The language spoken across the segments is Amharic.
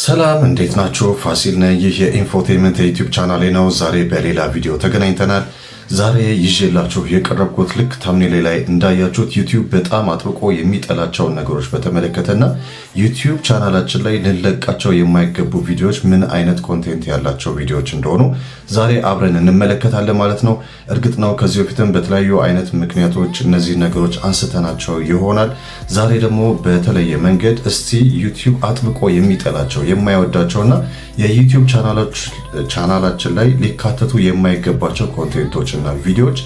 ሰላም እንዴት ናችሁ? ፋሲል ነኝ። ይህ የኢንፎቴመንት የዩቲዩብ ቻናሌ ነው። ዛሬ በሌላ ቪዲዮ ተገናኝተናል። ዛሬ ይዤላችሁ የቀረብኩት ልክ ታምኔሌ ላይ እንዳያችሁት ዩቲዩብ በጣም አጥብቆ የሚጠላቸውን ነገሮች በተመለከተና ዩቲዩብ ቻናላችን ላይ ልንለቃቸው የማይገቡ ቪዲዮዎች ምን አይነት ኮንቴንት ያላቸው ቪዲዮዎች እንደሆኑ ዛሬ አብረን እንመለከታለን ማለት ነው። እርግጥ ነው ከዚህ በፊትም በተለያዩ አይነት ምክንያቶች እነዚህ ነገሮች አንስተናቸው ይሆናል። ዛሬ ደግሞ በተለየ መንገድ እስቲ ዩቲዩብ አጥብቆ የሚጠላቸው የማይወዳቸውና የዩቲዩብ ቻናሎች ቻናላችን ላይ ሊካተቱ የማይገባቸው ኮንቴንቶች እና ቪዲዮዎች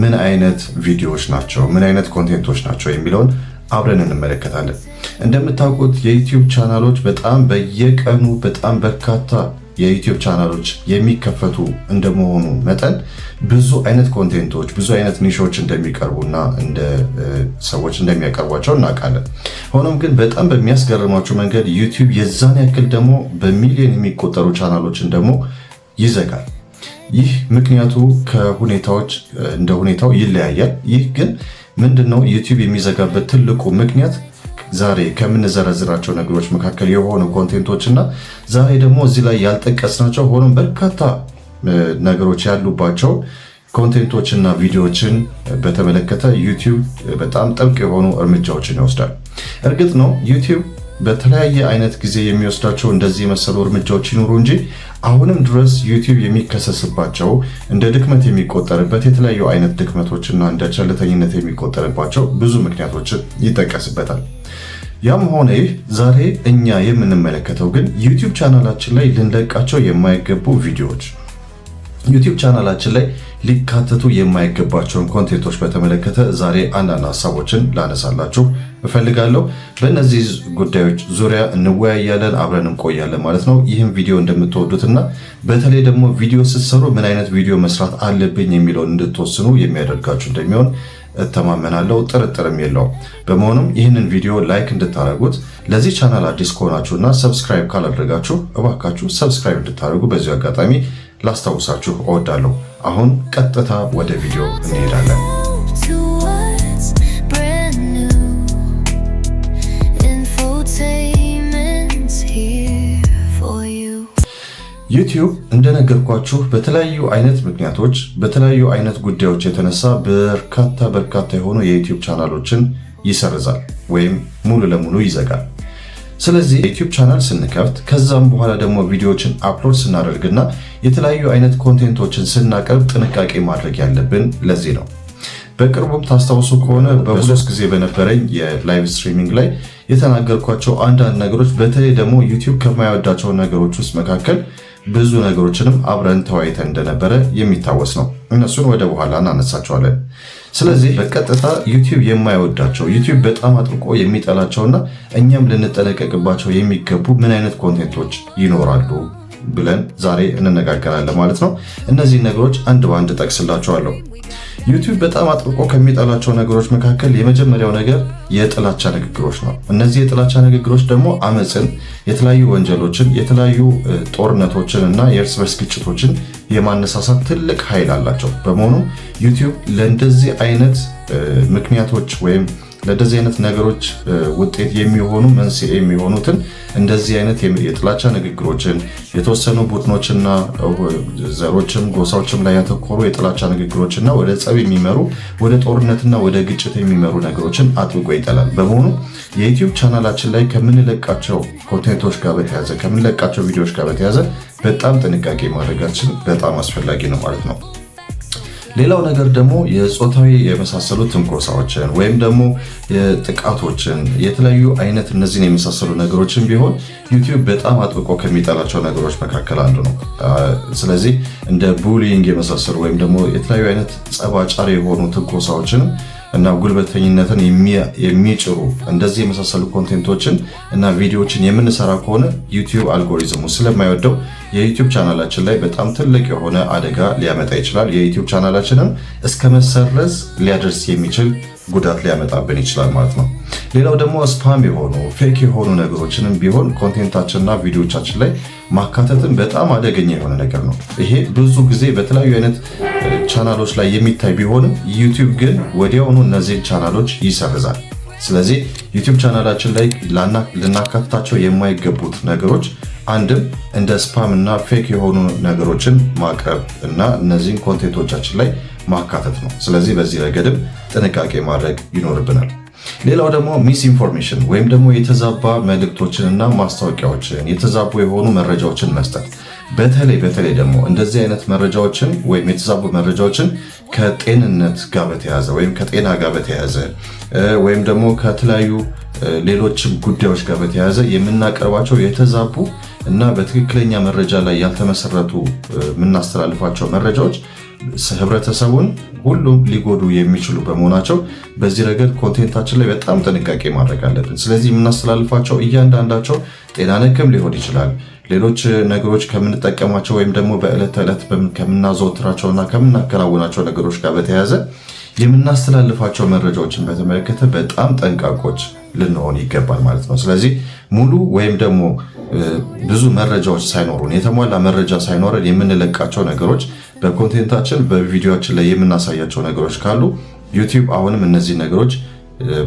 ምን አይነት ቪዲዮዎች ናቸው፣ ምን አይነት ኮንቴንቶች ናቸው የሚለውን አብረን እንመለከታለን። እንደምታውቁት የዩቲዩብ ቻናሎች በጣም በየቀኑ በጣም በርካታ የዩቲዩብ ቻናሎች የሚከፈቱ እንደመሆኑ መጠን ብዙ አይነት ኮንቴንቶች ብዙ አይነት ኒሾች እንደሚቀርቡና እንደ ሰዎች እንደሚያቀርቧቸው እናውቃለን። ሆኖም ግን በጣም በሚያስገርማቸው መንገድ ዩቲዩብ የዛን ያክል ደግሞ በሚሊዮን የሚቆጠሩ ቻናሎችን ደግሞ ይዘጋል። ይህ ምክንያቱ ከሁኔታዎች እንደ ሁኔታው ይለያያል። ይህ ግን ምንድን ነው ዩቲዩብ የሚዘጋበት ትልቁ ምክንያት ዛሬ ከምንዘረዝራቸው ነገሮች መካከል የሆኑ ኮንቴንቶች እና ዛሬ ደግሞ እዚህ ላይ ያልጠቀስናቸው ሆኖም በርካታ ነገሮች ያሉባቸው ኮንቴንቶች እና ቪዲዮዎችን በተመለከተ ዩቲዩብ በጣም ጥብቅ የሆኑ እርምጃዎችን ይወስዳል። እርግጥ ነው ዩቲዩብ በተለያየ አይነት ጊዜ የሚወስዳቸው እንደዚህ የመሰሉ እርምጃዎች ይኑሩ እንጂ አሁንም ድረስ ዩቲዩብ የሚከሰስባቸው እንደ ድክመት የሚቆጠርበት የተለያዩ አይነት ድክመቶችና እንደ ቸልተኝነት የሚቆጠርባቸው ብዙ ምክንያቶችን ይጠቀስበታል። ያም ሆነ ይህ ዛሬ እኛ የምንመለከተው ግን ዩቲዩብ ቻናላችን ላይ ልንለቃቸው የማይገቡ ቪዲዮዎች ዩቲዩብ ቻናላችን ላይ ሊካተቱ የማይገባቸውን ኮንቴንቶች በተመለከተ ዛሬ አንዳንድ ሀሳቦችን ላነሳላችሁ እፈልጋለሁ። በእነዚህ ጉዳዮች ዙሪያ እንወያያለን፣ አብረን እንቆያለን ማለት ነው። ይህም ቪዲዮ እንደምትወዱትና በተለይ ደግሞ ቪዲዮ ስትሰሩ ምን አይነት ቪዲዮ መስራት አለብኝ የሚለውን እንድትወስኑ የሚያደርጋችሁ እንደሚሆን እተማመናለሁ፣ ጥርጥርም የለውም። በመሆኑም ይህንን ቪዲዮ ላይክ እንድታደርጉት፣ ለዚህ ቻናል አዲስ ከሆናችሁና ሰብስክራይብ ካላደረጋችሁ እባካችሁ ሰብስክራይብ እንድታደርጉ በዚሁ አጋጣሚ ላስታውሳችሁ እወዳለሁ። አሁን ቀጥታ ወደ ቪዲዮ እንሄዳለን። ዩቲዩብ እንደነገርኳችሁ በተለያዩ አይነት ምክንያቶች በተለያዩ አይነት ጉዳዮች የተነሳ በርካታ በርካታ የሆኑ የዩቲዩብ ቻናሎችን ይሰርዛል ወይም ሙሉ ለሙሉ ይዘጋል። ስለዚህ የዩቲዩብ ቻናል ስንከፍት ከዛም በኋላ ደግሞ ቪዲዮዎችን አፕሎድ ስናደርግና የተለያዩ አይነት ኮንቴንቶችን ስናቀርብ ጥንቃቄ ማድረግ ያለብን ለዚህ ነው። በቅርቡም ታስታውሱ ከሆነ በሶስት ጊዜ በነበረኝ የላይቭ ስትሪሚንግ ላይ የተናገርኳቸው አንዳንድ ነገሮች በተለይ ደግሞ ዩቲዩብ ከማይወዳቸው ነገሮች ውስጥ መካከል ብዙ ነገሮችንም አብረን ተወያይተን እንደነበረ የሚታወስ ነው። እነሱን ወደ በኋላ እናነሳቸዋለን። ስለዚህ በቀጥታ ዩቲዩብ የማይወዳቸው ዩቲዩብ በጣም አጥብቆ የሚጠላቸውና እኛም ልንጠነቀቅባቸው የሚገቡ ምን አይነት ኮንቴንቶች ይኖራሉ ብለን ዛሬ እንነጋገራለን ማለት ነው። እነዚህ ነገሮች አንድ በአንድ ጠቅስላቸዋለሁ። ዩቲዩብ በጣም አጥብቆ ከሚጠላቸው ነገሮች መካከል የመጀመሪያው ነገር የጥላቻ ንግግሮች ነው። እነዚህ የጥላቻ ንግግሮች ደግሞ አመፅን፣ የተለያዩ ወንጀሎችን፣ የተለያዩ ጦርነቶችን እና የእርስ በርስ ግጭቶችን የማነሳሳት ትልቅ ኃይል አላቸው። በመሆኑ ዩቲዩብ ለእንደዚህ አይነት ምክንያቶች ወይም ለእንደዚህ አይነት ነገሮች ውጤት የሚሆኑ መንስኤ የሚሆኑትን እንደዚህ አይነት የጥላቻ ንግግሮችን የተወሰኑ ቡድኖችና ዘሮችም ጎሳዎችም ላይ ያተኮሩ የጥላቻ ንግግሮችና ወደ ጸብ የሚመሩ ወደ ጦርነትና ወደ ግጭት የሚመሩ ነገሮችን አጥብቆ ይጠላል። በመሆኑ የዩትዩብ ቻናላችን ላይ ከምንለቃቸው ኮንቴንቶች ጋር በተያዘ ከምንለቃቸው ቪዲዮዎች ጋር በተያዘ በጣም ጥንቃቄ ማድረጋችን በጣም አስፈላጊ ነው ማለት ነው። ሌላው ነገር ደግሞ የጾታዊ የመሳሰሉ ትንኮሳዎችን ወይም ደግሞ ጥቃቶችን የተለያዩ አይነት እነዚህን የመሳሰሉ ነገሮችን ቢሆን ዩቲዩብ በጣም አጥብቆ ከሚጠላቸው ነገሮች መካከል አንዱ ነው። ስለዚህ እንደ ቡሊንግ የመሳሰሉ ወይም ደግሞ የተለያዩ አይነት ጸባጫሪ የሆኑ ትንኮሳዎችን እና ጉልበተኝነትን የሚጭሩ እንደዚህ የመሳሰሉ ኮንቴንቶችን እና ቪዲዮዎችን የምንሰራ ከሆነ ዩቲዩብ አልጎሪዝሙ ስለማይወደው የዩቲዩብ ቻናላችን ላይ በጣም ትልቅ የሆነ አደጋ ሊያመጣ ይችላል። የዩቲዩብ ቻናላችንም እስከ መሰረዝ ሊያደርስ የሚችል ጉዳት ሊያመጣብን ይችላል ማለት ነው። ሌላው ደግሞ ስፓም የሆኑ ፌክ የሆኑ ነገሮችንም ቢሆን ኮንቴንታችንና ቪዲዮቻችን ላይ ማካተትን በጣም አደገኛ የሆነ ነገር ነው። ይሄ ብዙ ጊዜ በተለያዩ አይነት ቻናሎች ላይ የሚታይ ቢሆንም ዩቲዩብ ግን ወዲያውኑ እነዚህን ቻናሎች ይሰርዛል። ስለዚህ ዩቲዩብ ቻናላችን ላይ ልናካትታቸው የማይገቡት ነገሮች አንድም እንደ ስፓም እና ፌክ የሆኑ ነገሮችን ማቅረብ እና እነዚህን ኮንቴንቶቻችን ላይ ማካተት ነው። ስለዚህ በዚህ ረገድም ጥንቃቄ ማድረግ ይኖርብናል። ሌላው ደግሞ ሚስ ኢንፎርሜሽን ወይም ደግሞ የተዛባ መልእክቶችን እና ማስታወቂያዎችን የተዛቡ የሆኑ መረጃዎችን መስጠት በተለይ በተለይ ደግሞ እንደዚህ አይነት መረጃዎችን ወይም የተዛቡ መረጃዎችን ከጤንነት ጋር በተያያዘ ወይም ከጤና ጋር በተያያዘ ወይም ደግሞ ከተለያዩ ሌሎችም ጉዳዮች ጋር በተያያዘ የምናቀርባቸው የተዛቡ እና በትክክለኛ መረጃ ላይ ያልተመሰረቱ የምናስተላልፋቸው መረጃዎች ህብረተሰቡን ሁሉም ሊጎዱ የሚችሉ በመሆናቸው በዚህ ረገድ ኮንቴንታችን ላይ በጣም ጥንቃቄ ማድረግ አለብን። ስለዚህ የምናስተላልፋቸው እያንዳንዳቸው ጤና ነክም ሊሆን ይችላል ሌሎች ነገሮች ከምንጠቀማቸው ወይም ደግሞ በዕለት ተዕለት ከምናዘወትራቸውና ከምናከናውናቸው ነገሮች ጋር በተያያዘ የምናስተላልፋቸው መረጃዎችን በተመለከተ በጣም ጠንቃቆች ልንሆን ይገባል ማለት ነው። ስለዚህ ሙሉ ወይም ደግሞ ብዙ መረጃዎች ሳይኖሩን የተሟላ መረጃ ሳይኖረን የምንለቃቸው ነገሮች በኮንቴንታችን በቪዲዮችን ላይ የምናሳያቸው ነገሮች ካሉ ዩቲዩብ አሁንም እነዚህ ነገሮች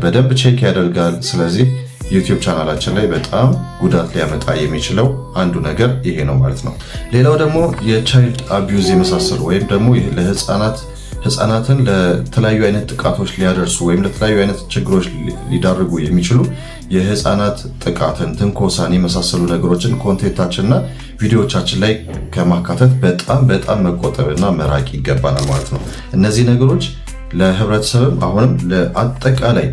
በደንብ ቼክ ያደርጋል። ስለዚህ ዩቲዩብ ቻናላችን ላይ በጣም ጉዳት ሊያመጣ የሚችለው አንዱ ነገር ይሄ ነው ማለት ነው። ሌላው ደግሞ የቻይልድ አቢዩዝ የመሳሰሉ ወይም ደግሞ ለህፃናት ህፃናትን ለተለያዩ አይነት ጥቃቶች ሊያደርሱ ወይም ለተለያዩ አይነት ችግሮች ሊዳርጉ የሚችሉ የህፃናት ጥቃትን፣ ትንኮሳን የመሳሰሉ ነገሮችን ኮንቴንታችንና ቪዲዮዎቻችን ላይ ከማካተት በጣም በጣም መቆጠብና መራቅ ይገባናል ማለት ነው። እነዚህ ነገሮች ለህብረተሰብም አሁንም ለአጠቃላይ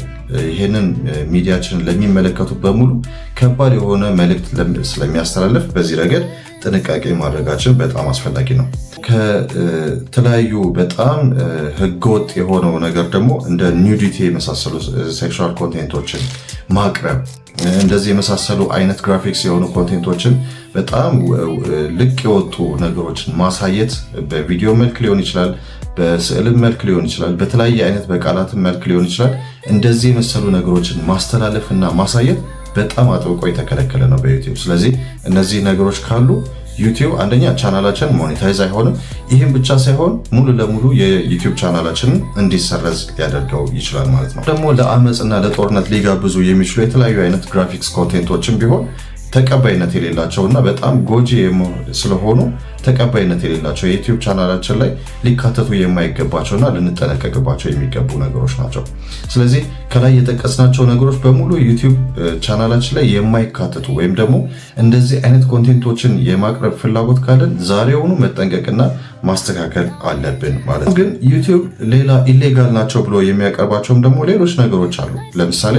ይህንን ሚዲያችንን ለሚመለከቱ በሙሉ ከባድ የሆነ መልእክት ስለሚያስተላልፍ በዚህ ረገድ ጥንቃቄ ማድረጋችን በጣም አስፈላጊ ነው። ከተለያዩ በጣም ህገወጥ የሆነው ነገር ደግሞ እንደ ኒውዲቲ የመሳሰሉ ሴክሹዋል ኮንቴንቶችን ማቅረብ እንደዚህ የመሳሰሉ አይነት ግራፊክስ የሆኑ ኮንቴንቶችን በጣም ልቅ የወጡ ነገሮችን ማሳየት በቪዲዮ መልክ ሊሆን ይችላል፣ በስዕልም መልክ ሊሆን ይችላል፣ በተለያየ አይነት በቃላትም መልክ ሊሆን ይችላል። እንደዚህ የመሰሉ ነገሮችን ማስተላለፍ እና ማሳየት በጣም አጥብቆ የተከለከለ ነው በዩቲዩብ። ስለዚህ እነዚህ ነገሮች ካሉ ዩቲዩብ አንደኛ ቻናላችን ሞኔታይዝ አይሆንም። ይህም ብቻ ሳይሆን ሙሉ ለሙሉ የዩቲዩብ ቻናላችንን እንዲሰረዝ ሊያደርገው ይችላል ማለት ነው። ደግሞ እና ለጦርነት ሊጋብዙ የሚችሉ የተለያዩ አይነት ግራፊክስ ኮንቴንቶችን ቢሆን ተቀባይነት የሌላቸው እና በጣም ጎጂ ስለሆኑ ተቀባይነት የሌላቸው የዩቲዩብ ቻናላችን ላይ ሊካተቱ የማይገባቸውና ልንጠነቀቅባቸው የሚገቡ ነገሮች ናቸው። ስለዚህ ከላይ የጠቀስናቸው ነገሮች በሙሉ ዩቲዩብ ቻናላችን ላይ የማይካተቱ ወይም ደግሞ እንደዚህ አይነት ኮንቴንቶችን የማቅረብ ፍላጎት ካለን ዛሬውኑ መጠንቀቅና ማስተካከል አለብን ማለት ነው። ግን ዩቲዩብ ሌላ ኢሌጋል ናቸው ብሎ የሚያቀርባቸውም ደግሞ ሌሎች ነገሮች አሉ። ለምሳሌ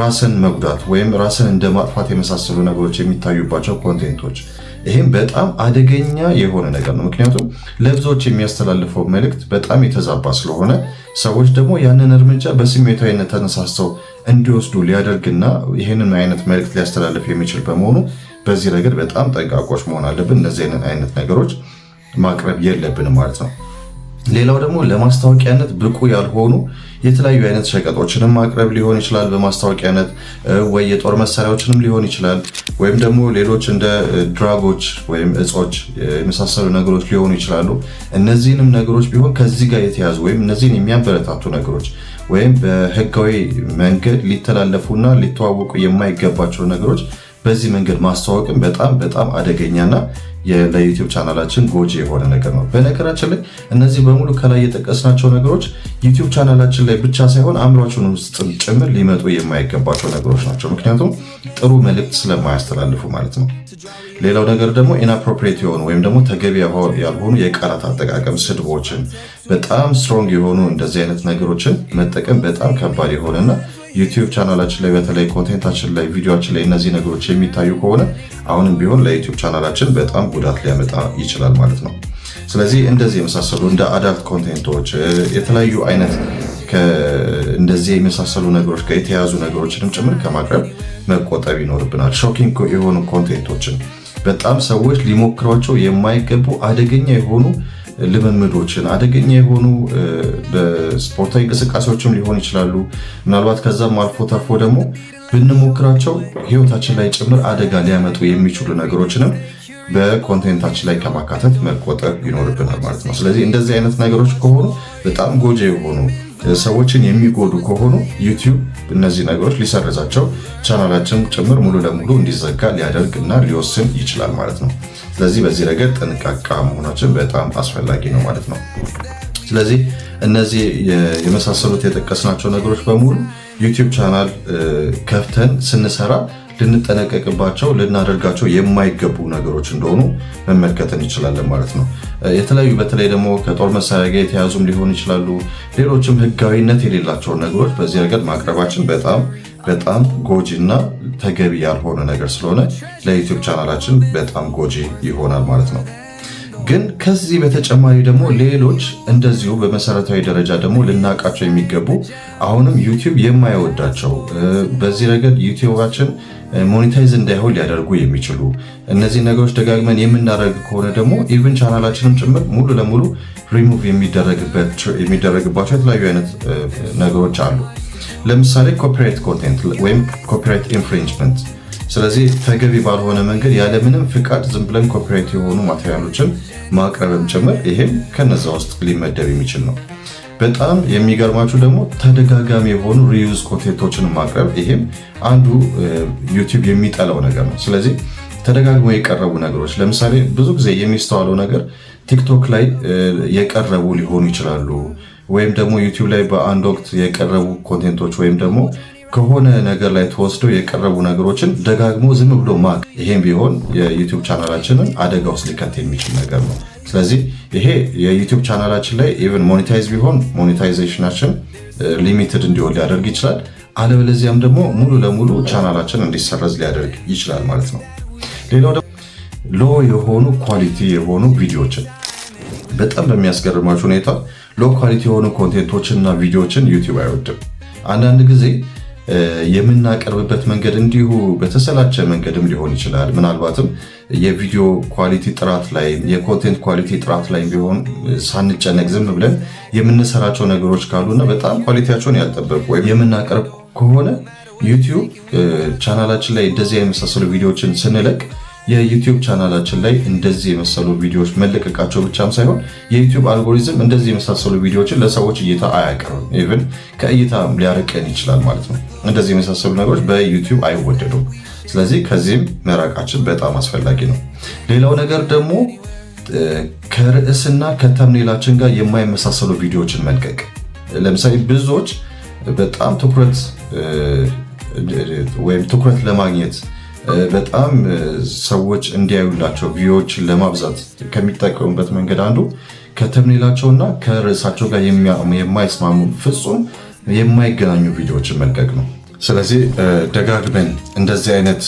ራስን መጉዳት ወይም ራስን እንደ ማጥፋት የመሳሰሉ ነገሮች የሚታዩባቸው ኮንቴንቶች ይህም በጣም አደገኛ የሆነ ነገር ነው። ምክንያቱም ለብዙዎች የሚያስተላልፈው መልእክት በጣም የተዛባ ስለሆነ ሰዎች ደግሞ ያንን እርምጃ በስሜታዊነት ተነሳስተው እንዲወስዱ ሊያደርግና ይህንን አይነት መልእክት ሊያስተላልፍ የሚችል በመሆኑ በዚህ ረገድ በጣም ጠንቃቆች መሆን አለብን። እነዚህን አይነት ነገሮች ማቅረብ የለብንም ማለት ነው። ሌላው ደግሞ ለማስታወቂያነት ብቁ ያልሆኑ የተለያዩ አይነት ሸቀጦችንም ማቅረብ ሊሆን ይችላል በማስታወቂያነት ወይ የጦር መሳሪያዎችንም ሊሆን ይችላል ወይም ደግሞ ሌሎች እንደ ድራጎች ወይም እጾች የመሳሰሉ ነገሮች ሊሆኑ ይችላሉ። እነዚህንም ነገሮች ቢሆን ከዚህ ጋር የተያዙ ወይም እነዚህን የሚያበረታቱ ነገሮች ወይም በህጋዊ መንገድ ሊተላለፉና ሊተዋወቁ የማይገባቸው ነገሮች በዚህ መንገድ ማስተዋወቅን በጣም በጣም አደገኛና ለዩቲዩብ ቻናላችን ጎጂ የሆነ ነገር ነው። በነገራችን ላይ እነዚህ በሙሉ ከላይ የጠቀስናቸው ነገሮች ዩቲዩብ ቻናላችን ላይ ብቻ ሳይሆን አእምሯችን ውስጥ ጭምር ሊመጡ የማይገባቸው ነገሮች ናቸው። ምክንያቱም ጥሩ መልእክት ስለማያስተላልፉ ማለት ነው። ሌላው ነገር ደግሞ ኢናፕሮፕሬት የሆኑ ወይም ደግሞ ተገቢ ያልሆኑ የቃላት አጠቃቀም ስድቦችን፣ በጣም ስትሮንግ የሆኑ እንደዚህ አይነት ነገሮችን መጠቀም በጣም ከባድ የሆነና ዩቲዩብ ቻናላችን ላይ በተለይ ኮንቴንታችን ላይ ቪዲዮችን ላይ እነዚህ ነገሮች የሚታዩ ከሆነ አሁንም ቢሆን ለዩቲዩብ ቻናላችን በጣም ጉዳት ሊያመጣ ይችላል ማለት ነው። ስለዚህ እንደዚህ የመሳሰሉ እንደ አዳልት ኮንቴንቶች የተለያዩ አይነት እንደዚህ የመሳሰሉ ነገሮች ጋር የተያያዙ ነገሮችንም ጭምር ከማቅረብ መቆጠብ ይኖርብናል። ሾኪንግ የሆኑ ኮንቴንቶችን በጣም ሰዎች ሊሞክሯቸው የማይገቡ አደገኛ የሆኑ ልምምዶችን አደገኛ የሆኑ በስፖርታዊ እንቅስቃሴዎችም ሊሆን ይችላሉ። ምናልባት ከዛም አልፎ ተርፎ ደግሞ ብንሞክራቸው ህይወታችን ላይ ጭምር አደጋ ሊያመጡ የሚችሉ ነገሮችንም በኮንቴንታችን ላይ ከማካተት መቆጠብ ይኖርብናል ማለት ነው። ስለዚህ እንደዚህ አይነት ነገሮች ከሆኑ በጣም ጎጂ የሆኑ ሰዎችን የሚጎዱ ከሆኑ ዩቲዩብ እነዚህ ነገሮች ሊሰርዛቸው ቻናላችን ጭምር ሙሉ ለሙሉ እንዲዘጋ ሊያደርግ እና ሊወስን ይችላል ማለት ነው። ስለዚህ በዚህ ረገድ ጠንቃቃ መሆናችን በጣም አስፈላጊ ነው ማለት ነው። ስለዚህ እነዚህ የመሳሰሉት የጠቀስናቸው ነገሮች በሙሉ ዩቲዩብ ቻናል ከፍተን ስንሰራ ልንጠነቀቅባቸው ልናደርጋቸው የማይገቡ ነገሮች እንደሆኑ መመልከትን እንችላለን ማለት ነው። የተለያዩ በተለይ ደግሞ ከጦር መሳሪያ ጋር የተያዙም ሊሆን ይችላሉ። ሌሎችም ህጋዊነት የሌላቸውን ነገሮች በዚህ ረገድ ማቅረባችን በጣም በጣም ጎጂ እና ተገቢ ያልሆነ ነገር ስለሆነ ለዩቲዩብ ቻናላችን በጣም ጎጂ ይሆናል ማለት ነው። ግን ከዚህ በተጨማሪ ደግሞ ሌሎች እንደዚሁ በመሰረታዊ ደረጃ ደግሞ ልናውቃቸው የሚገቡ አሁንም ዩቲዩብ የማይወዳቸው በዚህ ረገድ ዩቲዩባችን ሞኔታይዝ እንዳይሆን ሊያደርጉ የሚችሉ እነዚህ ነገሮች ደጋግመን የምናደርግ ከሆነ ደግሞ ኢቭን ቻናላችንም ጭምር ሙሉ ለሙሉ ሪሙቭ የሚደረግባቸው የተለያዩ አይነት ነገሮች አሉ። ለምሳሌ ኮፒራይት ኮንቴንት ወይም ኮፒራይት ኢንፍሪንጅመንት ስለዚህ ተገቢ ባልሆነ መንገድ ያለምንም ፍቃድ ዝም ብለን ኮፒራይት የሆኑ ማቴሪያሎችን ማቅረብም ጭምር ይሄም ከነዛ ውስጥ ሊመደብ የሚችል ነው። በጣም የሚገርማችሁ ደግሞ ተደጋጋሚ የሆኑ ሪዩዝ ኮንቴንቶችን ማቅረብ ይሄም አንዱ ዩቲዩብ የሚጠላው ነገር ነው። ስለዚህ ተደጋግሞ የቀረቡ ነገሮች ለምሳሌ ብዙ ጊዜ የሚስተዋለው ነገር ቲክቶክ ላይ የቀረቡ ሊሆኑ ይችላሉ ወይም ደግሞ ዩቲዩብ ላይ በአንድ ወቅት የቀረቡ ኮንቴንቶች ወይም ደግሞ ከሆነ ነገር ላይ ተወስደው የቀረቡ ነገሮችን ደጋግሞ ዝም ብሎ ማቅ ይሄም ቢሆን የዩቲዩብ ቻናላችንን አደጋ ውስጥ ሊከት የሚችል ነገር ነው። ስለዚህ ይሄ የዩቲዩብ ቻናላችን ላይ ኢቨን ሞኔታይዝ ቢሆን ሞኔታይዜሽናችን ሊሚትድ እንዲሆን ሊያደርግ ይችላል። አለበለዚያም ደግሞ ሙሉ ለሙሉ ቻናላችን እንዲሰረዝ ሊያደርግ ይችላል ማለት ነው። ሌላው ደግሞ ሎ የሆኑ ኳሊቲ የሆኑ ቪዲዮዎችን በጣም በሚያስገርማችሁ ሁኔታ ሎ ኳሊቲ የሆኑ ኮንቴንቶችን እና ቪዲዮዎችን ዩቲዩብ አይወድም አንዳንድ ጊዜ የምናቀርብበት መንገድ እንዲሁ በተሰላቸ መንገድም ሊሆን ይችላል። ምናልባትም የቪዲዮ ኳሊቲ ጥራት ላይ የኮንቴንት ኳሊቲ ጥራት ላይ ቢሆን ሳንጨነቅ ዝም ብለን የምንሰራቸው ነገሮች ካሉና በጣም ኳሊቲያቸውን ያልጠበቁ ወይም የምናቀርብ ከሆነ ዩቲዩብ ቻናላችን ላይ እንደዚህ የመሳሰሉ ቪዲዮዎችን ስንለቅ የዩቲዩብ ቻናላችን ላይ እንደዚህ የመሰሉ ቪዲዮዎች መለቀቃቸው ብቻም ሳይሆን የዩቲዩብ አልጎሪዝም እንደዚህ የመሳሰሉ ቪዲዮዎችን ለሰዎች እይታ አያቀርብም። ኢቭን ከእይታ ሊያርቀን ይችላል ማለት ነው። እንደዚህ የመሳሰሉ ነገሮች በዩቲዩብ አይወደዱም። ስለዚህ ከዚህም መራቃችን በጣም አስፈላጊ ነው። ሌላው ነገር ደግሞ ከርዕስና ከተምኔላችን ጋር የማይመሳሰሉ ቪዲዮዎችን መልቀቅ። ለምሳሌ ብዙዎች በጣም ትኩረት ወይም ትኩረት ለማግኘት በጣም ሰዎች እንዲያዩላቸው ቪዎችን ለማብዛት ከሚጠቀሙበት መንገድ አንዱ እና ከርዕሳቸው ጋር የማይስማሙ ፍጹም የማይገናኙ ቪዲዮዎችን መልቀቅ ነው። ስለዚህ ደጋግመን እንደዚህ አይነት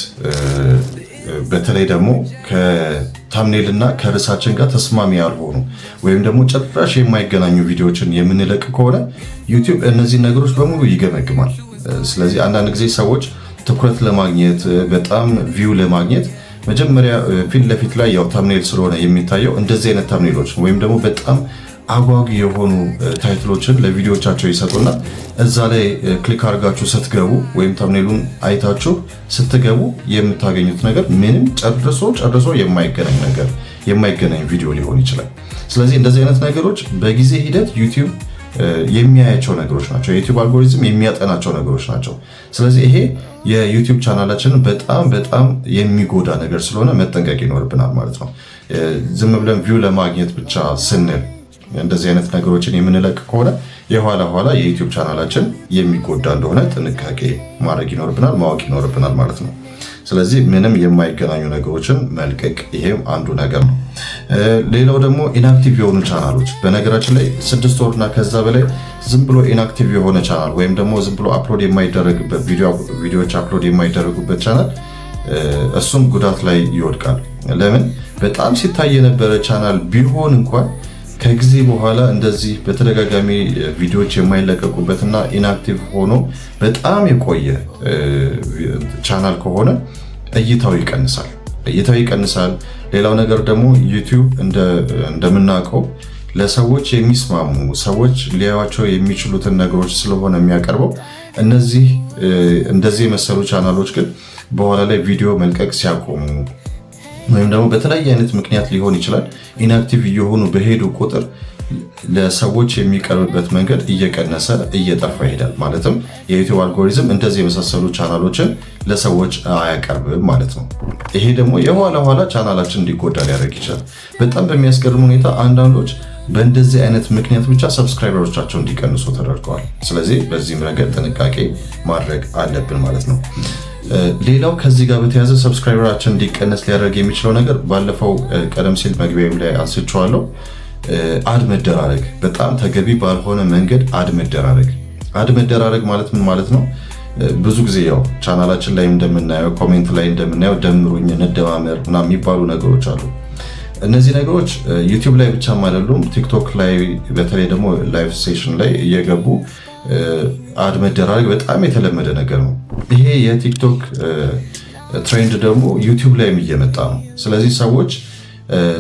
በተለይ ደግሞ ከተምኔልና ከርዕሳችን ጋር ተስማሚ ያልሆኑ ወይም ደግሞ ጭራሽ የማይገናኙ ቪዲዮዎችን የምንለቅ ከሆነ ዩቲዩብ እነዚህ ነገሮች በሙሉ ይገመግማል። ስለዚህ አንዳንድ ጊዜ ሰዎች ትኩረት ለማግኘት በጣም ቪው ለማግኘት መጀመሪያ ፊት ለፊት ላይ ያው ታምኔል ስለሆነ የሚታየው እንደዚህ አይነት ታምኔሎች ወይም ደግሞ በጣም አጓጊ የሆኑ ታይትሎችን ለቪዲዮቻቸው ይሰጡና እዛ ላይ ክሊክ አድርጋችሁ ስትገቡ ወይም ታምኔሉን አይታችሁ ስትገቡ የምታገኙት ነገር ምንም ጨርሶ ጨርሶ የማይገናኝ ነገር የማይገናኝ ቪዲዮ ሊሆን ይችላል። ስለዚህ እንደዚህ አይነት ነገሮች በጊዜ ሂደት ዩቲዩብ የሚያያቸው ነገሮች ናቸው። የዩቲዩብ አልጎሪዝም የሚያጠናቸው ነገሮች ናቸው። ስለዚህ ይሄ የዩቲዩብ ቻናላችንን በጣም በጣም የሚጎዳ ነገር ስለሆነ መጠንቀቅ ይኖርብናል ማለት ነው። ዝም ብለን ቪው ለማግኘት ብቻ ስንል እንደዚህ አይነት ነገሮችን የምንለቅ ከሆነ የኋላ ኋላ የዩቲዩብ ቻናላችን የሚጎዳ እንደሆነ ጥንቃቄ ማድረግ ይኖርብናል፣ ማወቅ ይኖርብናል ማለት ነው። ስለዚህ ምንም የማይገናኙ ነገሮችን መልቀቅ ይሄም አንዱ ነገር ነው። ሌላው ደግሞ ኢንአክቲቭ የሆኑ ቻናሎች በነገራችን ላይ ስድስት ወርና ከዛ በላይ ዝም ብሎ ኢንአክቲቭ የሆነ ቻናል ወይም ደግሞ ዝም ብሎ አፕሎድ የማይደረግበት ቪዲዮዎች አፕሎድ የማይደረጉበት ቻናል እሱም ጉዳት ላይ ይወድቃል። ለምን በጣም ሲታይ የነበረ ቻናል ቢሆን እንኳን ከጊዜ በኋላ እንደዚህ በተደጋጋሚ ቪዲዮዎች የማይለቀቁበትና ኢንአክቲቭ ሆኖ በጣም የቆየ ቻናል ከሆነ እይታው ይቀንሳል። እይታው ይቀንሳል። ሌላው ነገር ደግሞ ዩቲዩብ እንደምናውቀው ለሰዎች የሚስማሙ ሰዎች ሊያዩቸው የሚችሉትን ነገሮች ስለሆነ የሚያቀርበው እነዚህ እንደዚህ የመሰሉ ቻናሎች ግን በኋላ ላይ ቪዲዮ መልቀቅ ሲያቆሙ ወይም ደግሞ በተለያየ አይነት ምክንያት ሊሆን ይችላል ኢንአክቲቭ እየሆኑ በሄዱ ቁጥር ለሰዎች የሚቀርብበት መንገድ እየቀነሰ እየጠፋ ይሄዳል። ማለትም የዩቲዩብ አልጎሪዝም እንደዚህ የመሳሰሉ ቻናሎችን ለሰዎች አያቀርብም ማለት ነው። ይሄ ደግሞ የኋላ ኋላ ቻናላችን እንዲጎዳ ሊያደርግ ይችላል። በጣም በሚያስገርም ሁኔታ አንዳንዶች በእንደዚህ አይነት ምክንያት ብቻ ሰብስክራይበሮቻቸው እንዲቀንሱ ተደርገዋል። ስለዚህ በዚህም ረገድ ጥንቃቄ ማድረግ አለብን ማለት ነው። ሌላው ከዚህ ጋር በተያያዘ ሰብስክራይበራችን እንዲቀነስ ሊያደርግ የሚችለው ነገር ባለፈው ቀደም ሲል መግቢያው ላይ አንስቼዋለሁ። አድ መደራረግ፣ በጣም ተገቢ ባልሆነ መንገድ አድ መደራረግ። አድ መደራረግ ማለት ምን ማለት ነው? ብዙ ጊዜ ያው ቻናላችን ላይ እንደምናየው ኮሜንት ላይ እንደምናየው ደምሩኝ፣ እንደማመር እና የሚባሉ ነገሮች አሉ። እነዚህ ነገሮች ዩቲዩብ ላይ ብቻም አይደሉም። ቲክቶክ ላይ በተለይ ደግሞ ላይቭ ሴሽን ላይ እየገቡ አድ መደራረግ በጣም የተለመደ ነገር ነው። ይሄ የቲክቶክ ትሬንድ ደግሞ ዩቲዩብ ላይም እየመጣ ነው። ስለዚህ ሰዎች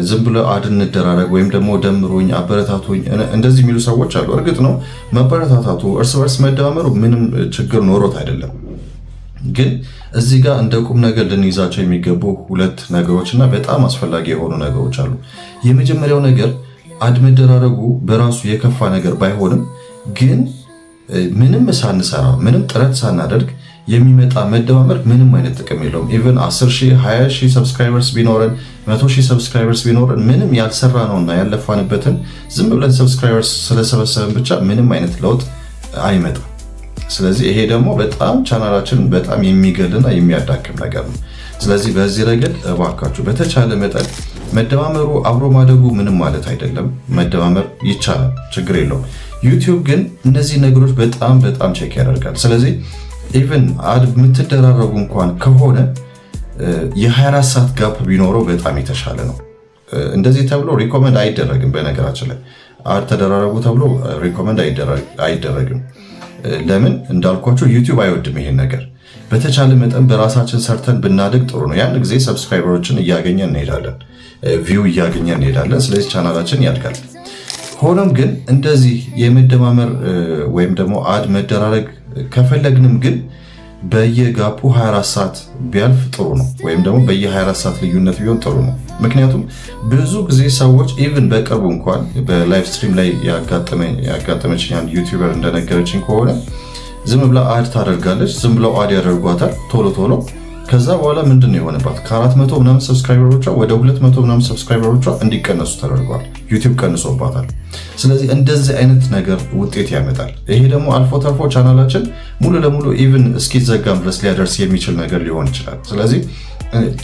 ዝም ብሎ አድን እንደራረግ ወይም ደግሞ ደምሮኝ አበረታቶኝ እንደዚህ የሚሉ ሰዎች አሉ። እርግጥ ነው መበረታታቱ፣ እርስ በርስ መደማመሩ ምንም ችግር ኖሮት አይደለም። ግን እዚህ ጋር እንደ ቁም ነገር ልንይዛቸው የሚገቡ ሁለት ነገሮች እና በጣም አስፈላጊ የሆኑ ነገሮች አሉ። የመጀመሪያው ነገር አድመደራረጉ በራሱ የከፋ ነገር ባይሆንም ግን ምንም ሳንሰራ ምንም ጥረት ሳናደርግ የሚመጣ መደማመር ምንም አይነት ጥቅም የለውም። ኢቨን 10 ሺህ 20 ሺህ ሰብስክራይበርስ ቢኖረን 100 ሺህ ሰብስክራይበርስ ቢኖረን ምንም ያልሰራ ነውና ያለፋንበትን ዝም ብለን ሰብስክራይበርስ ስለሰበሰብን ብቻ ምንም አይነት ለውጥ አይመጣም። ስለዚህ ይሄ ደግሞ በጣም ቻናላችንን በጣም የሚገልና የሚያዳክም ነገር ነው። ስለዚህ በዚህ ረገድ እባካችሁ በተቻለ መጠን መደማመሩ አብሮ ማደጉ ምንም ማለት አይደለም። መደማመር ይቻላል፣ ችግር የለውም። ዩቲዩብ ግን እነዚህ ነገሮች በጣም በጣም ቼክ ያደርጋል። ስለዚህ ኢቨን የምትደራረጉ እንኳን ከሆነ የ24 ሰዓት ጋፕ ቢኖረው በጣም የተሻለ ነው። እንደዚህ ተብሎ ሪኮመንድ አይደረግም። በነገራችን ላይ ተደራረጉ ተብሎ ሪኮመንድ አይደረግም። ለምን እንዳልኳቸው ዩቲዩብ አይወድም ይሄን ነገር። በተቻለ መጠን በራሳችን ሰርተን ብናድግ ጥሩ ነው። ያን ጊዜ ሰብስክራይበሮችን እያገኘ እንሄዳለን፣ ቪው እያገኘ እንሄዳለን። ስለዚህ ቻናላችን ያድጋል። ሆኖም ግን እንደዚህ የመደማመር ወይም ደግሞ አድ መደራረግ ከፈለግንም ግን በየጋፑ 24 ሰዓት ቢያልፍ ጥሩ ነው፣ ወይም ደግሞ በየ24 ሰዓት ልዩነት ቢሆን ጥሩ ነው። ምክንያቱም ብዙ ጊዜ ሰዎች ኢቭን በቅርቡ እንኳን በላይቭ ስትሪም ላይ ያጋጠመች አንድ ዩቲዩበር እንደነገረችን ከሆነ ዝም ብላ አድ ታደርጋለች። ዝም ብለው አድ ያደርጓታል ቶሎ ቶሎ ከዛ በኋላ ምንድን ነው የሆነባት? ከአራት መቶ ምናምን ሰብስክራይበሮቿ ወደ ሁለት መቶ ምናምን ሰብስክራይበሮቿ እንዲቀነሱ ተደርጓል። ዩቲዩብ ቀንሶባታል። ስለዚህ እንደዚህ አይነት ነገር ውጤት ያመጣል። ይሄ ደግሞ አልፎ ተርፎ ቻናላችን ሙሉ ለሙሉ ኢቭን እስኪዘጋም ድረስ ሊያደርስ የሚችል ነገር ሊሆን ይችላል። ስለዚህ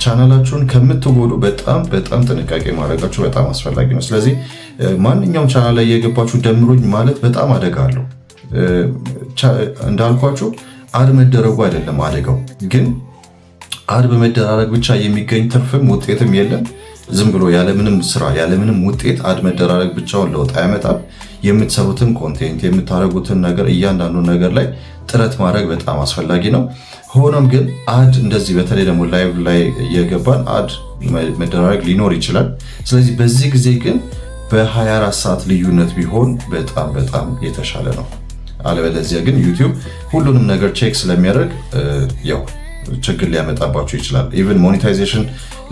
ቻናላችሁን ከምትጎዱ በጣም በጣም ጥንቃቄ ማድረጋችሁ በጣም አስፈላጊ ነው። ስለዚህ ማንኛውም ቻናል ላይ የገባችሁ ደምሩኝ ማለት በጣም አደጋ አለው። እንዳልኳችሁ አድ መደረጉ አይደለም አደጋው ግን አድ በመደራረግ ብቻ የሚገኝ ትርፍም ውጤትም የለም። ዝም ብሎ ያለምንም ስራ ያለምንም ውጤት አድ መደራረግ ብቻውን ለውጥ አያመጣም። የምትሰሩትን ኮንቴንት የምታደርጉትን ነገር እያንዳንዱ ነገር ላይ ጥረት ማድረግ በጣም አስፈላጊ ነው። ሆኖም ግን አድ እንደዚህ በተለይ ደግሞ ላይቭ ላይ እየገባን አድ መደራረግ ሊኖር ይችላል። ስለዚህ በዚህ ጊዜ ግን በ24 ሰዓት ልዩነት ቢሆን በጣም በጣም የተሻለ ነው። አለበለዚያ ግን ዩቲዩብ ሁሉንም ነገር ቼክ ስለሚያደርግ ያው ችግር ሊያመጣባቸው ይችላል። ኢቨን ሞኔታይዜሽን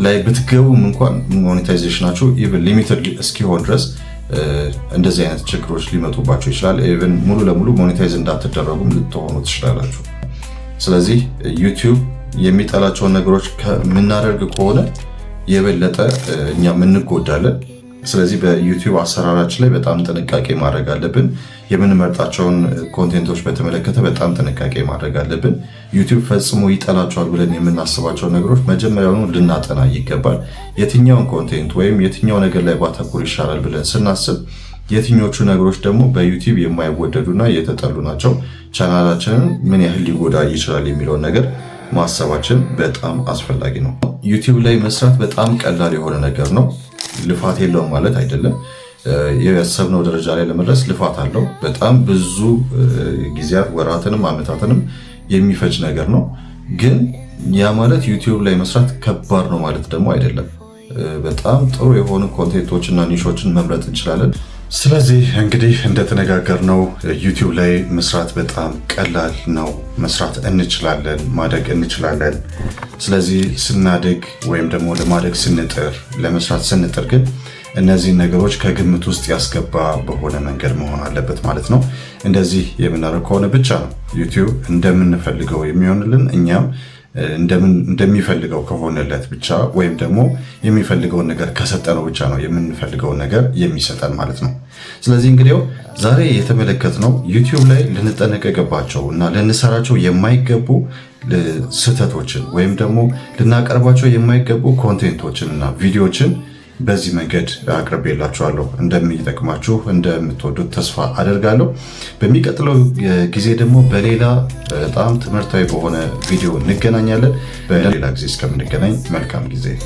ላይ ብትገቡም እንኳን ሞኔታይዜሽናቸው ኢቨን ሊሚትድ እስኪሆን ድረስ እንደዚህ አይነት ችግሮች ሊመጡባቸው ይችላል። ኢቨን ሙሉ ለሙሉ ሞኔታይዝ እንዳትደረጉም ልትሆኑ ትችላላችሁ። ስለዚህ ዩቲዩብ የሚጠላቸውን ነገሮች ከምናደርግ ከሆነ የበለጠ እኛ እንጎዳለን። ስለዚህ በዩቲዩብ አሰራራችን ላይ በጣም ጥንቃቄ ማድረግ አለብን። የምንመርጣቸውን ኮንቴንቶች በተመለከተ በጣም ጥንቃቄ ማድረግ አለብን። ዩቲዩብ ፈጽሞ ይጠላቸዋል ብለን የምናስባቸው ነገሮች መጀመሪያውኑ ልናጠና ይገባል። የትኛውን ኮንቴንት ወይም የትኛው ነገር ላይ ባተኩር ይሻላል ብለን ስናስብ የትኞቹ ነገሮች ደግሞ በዩቲዩብ የማይወደዱና የተጠሉ ናቸው፣ ቻናላችንን ምን ያህል ሊጎዳ ይችላል የሚለውን ነገር ማሰባችን በጣም አስፈላጊ ነው። ዩቲዩብ ላይ መስራት በጣም ቀላል የሆነ ነገር ነው። ልፋት የለውም ማለት አይደለም። ያሰብነው ደረጃ ላይ ለመድረስ ልፋት አለው። በጣም ብዙ ጊዜያት ወራትንም አመታትንም የሚፈጅ ነገር ነው። ግን ያ ማለት ዩቲዩብ ላይ መስራት ከባድ ነው ማለት ደግሞ አይደለም። በጣም ጥሩ የሆኑ ኮንቴንቶችና ኒሾችን መምረጥ እንችላለን። ስለዚህ እንግዲህ እንደተነጋገር ነው ዩቲዩብ ላይ መስራት በጣም ቀላል ነው። መስራት እንችላለን፣ ማደግ እንችላለን። ስለዚህ ስናድግ ወይም ደግሞ ለማደግ ስንጥር፣ ለመስራት ስንጥር ግን እነዚህን ነገሮች ከግምት ውስጥ ያስገባ በሆነ መንገድ መሆን አለበት ማለት ነው። እንደዚህ የምናደርግ ከሆነ ብቻ ነው ዩቲዩብ እንደምንፈልገው የሚሆንልን እኛም እንደሚፈልገው ከሆነለት ብቻ ወይም ደግሞ የሚፈልገውን ነገር ከሰጠነው ብቻ ነው የምንፈልገውን ነገር የሚሰጠን ማለት ነው። ስለዚህ እንግዲያው ዛሬ የተመለከትነው ዩቲዩብ ላይ ልንጠነቀቅባቸው እና ልንሰራቸው የማይገቡ ስህተቶችን ወይም ደግሞ ልናቀርባቸው የማይገቡ ኮንቴንቶችን እና ቪዲዮችን በዚህ መንገድ አቅርቤላችኋለሁ። እንደሚጠቅማችሁ እንደምትወዱት ተስፋ አደርጋለሁ። በሚቀጥለው ጊዜ ደግሞ በሌላ በጣም ትምህርታዊ በሆነ ቪዲዮ እንገናኛለን። በሌላ ጊዜ እስከምንገናኝ መልካም ጊዜ